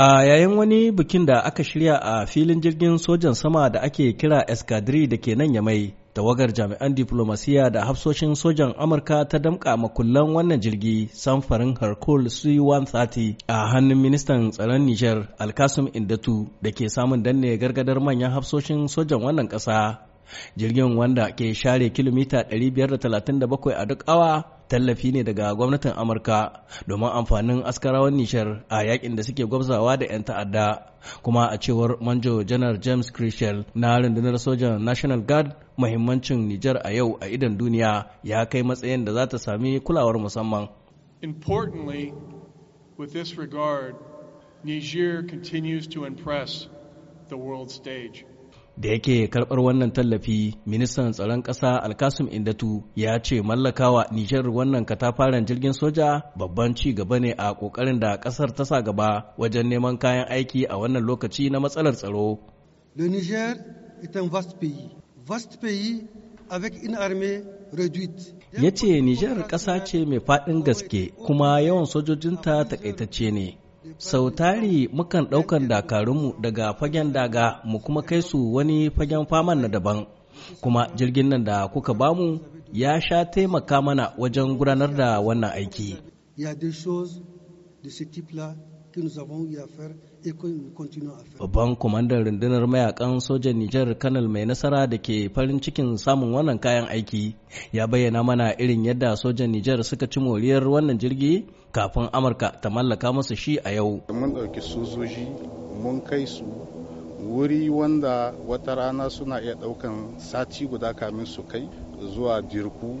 A yayin wani bikin da aka shirya a filin jirgin sojan sama da ake kira eskadri da ke nan yamai, tawagar jami'an diplomasiya da hafsoshin sojan Amurka ta damka makullan wannan jirgi samfarin harkul C-130 a hannun ministan tsaron Nijar Alkasum Indatu da ke samun danne gargadar manyan hafsoshin sojan wannan ƙasa Jirgin wanda ke share kilomita 537 a duk awa tallafi ne daga gwamnatin amurka domin amfanin askarawan nishar a yakin da suke gwamzawa da 'yan ta'adda kuma a cewar manjo janar james Christian na rundunar sojan national guard muhimmancin nijar a yau a idan duniya ya kai matsayin da za ta sami kulawar musamman importantly with this regard niger continues to impress the world stage da yake karbar wannan tallafi ministan tsaron ƙasa alkasum indatu ya ce mallakawa nijar wannan katafaren jirgin soja babban ci gaba ne a ƙoƙarin da ƙasar ta sa gaba wajen neman kayan aiki a wannan lokaci na matsalar tsaro le ya ce nijar ƙasa ce mai faɗin gaske kuma yawan sojojinta takaitacce ne sau tari mukan ɗaukan dakarunmu daga fagen daga mu kuma kai su wani fagen faman na daban kuma jirgin nan da kuka bamu ya sha taimaka mana wajen gudanar da wannan aiki. Babban kwamandan rundunar mayakan sojan Nijar Kanal mai nasara da ke farin cikin samun wannan kayan aiki ya bayyana mana irin yadda sojan Nijar suka ci moriyar wannan jirgi kafin Amurka ta mallaka masa shi a yau. Mun ɗauki sojoji mun kai su wuri wanda wata rana suna iya ɗaukan sati guda kamin su kai zuwa jirku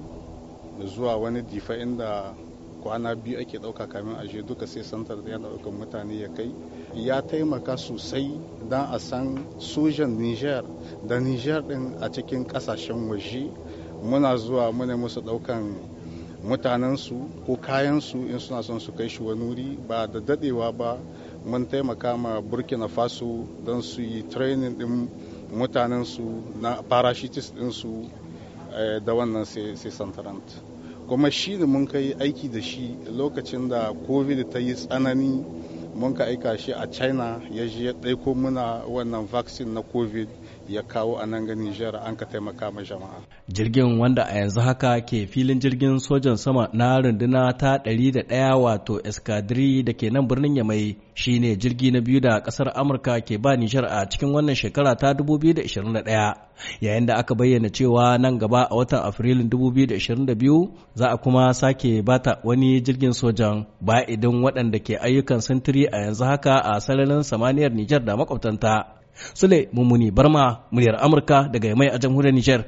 zuwa wani difa inda kwana biyu ake ɗauka kamin a je duka sai santar ya ɗaukan mutane ya kai ya taimaka sosai don a san sojan niger da niger ɗin a cikin ƙasashen waje muna zuwa muna musu ɗaukan mutanensu ko kayansu in suna son su kai shi wani wuri ba da daɗewa ba mun taimaka ma burkina faso don su yi training ɗin mutanensu na parashitis ɗinsu eh, da wannan sai santarant. kuma shi ne mun kai aiki da shi lokacin da covid ta yi tsanani mun ka aika shi a china ya je ya ɗaiko muna wannan vaccine na covid ya kawo a nan ganin jihar an ka taimaka ma jama'a. Jirgin wanda a yanzu haka ke filin jirgin sojan sama na runduna ta 101 wato eskadiri da ke nan birnin Yamai ne jirgi na biyu da kasar Amurka ke ba Nijar a cikin wannan shekara ta 2021 yayin da aka bayyana cewa nan gaba a watan Afrilun 2022 za a kuma sake bata wani jirgin sojan ba idan waɗanda ke ayyukan sintiri a yanzu haka a sararin samaniyar Nijar da makwabtanta. Sule mumuni Barma, muryar Amurka daga Yamai a jamhuriyar Niger.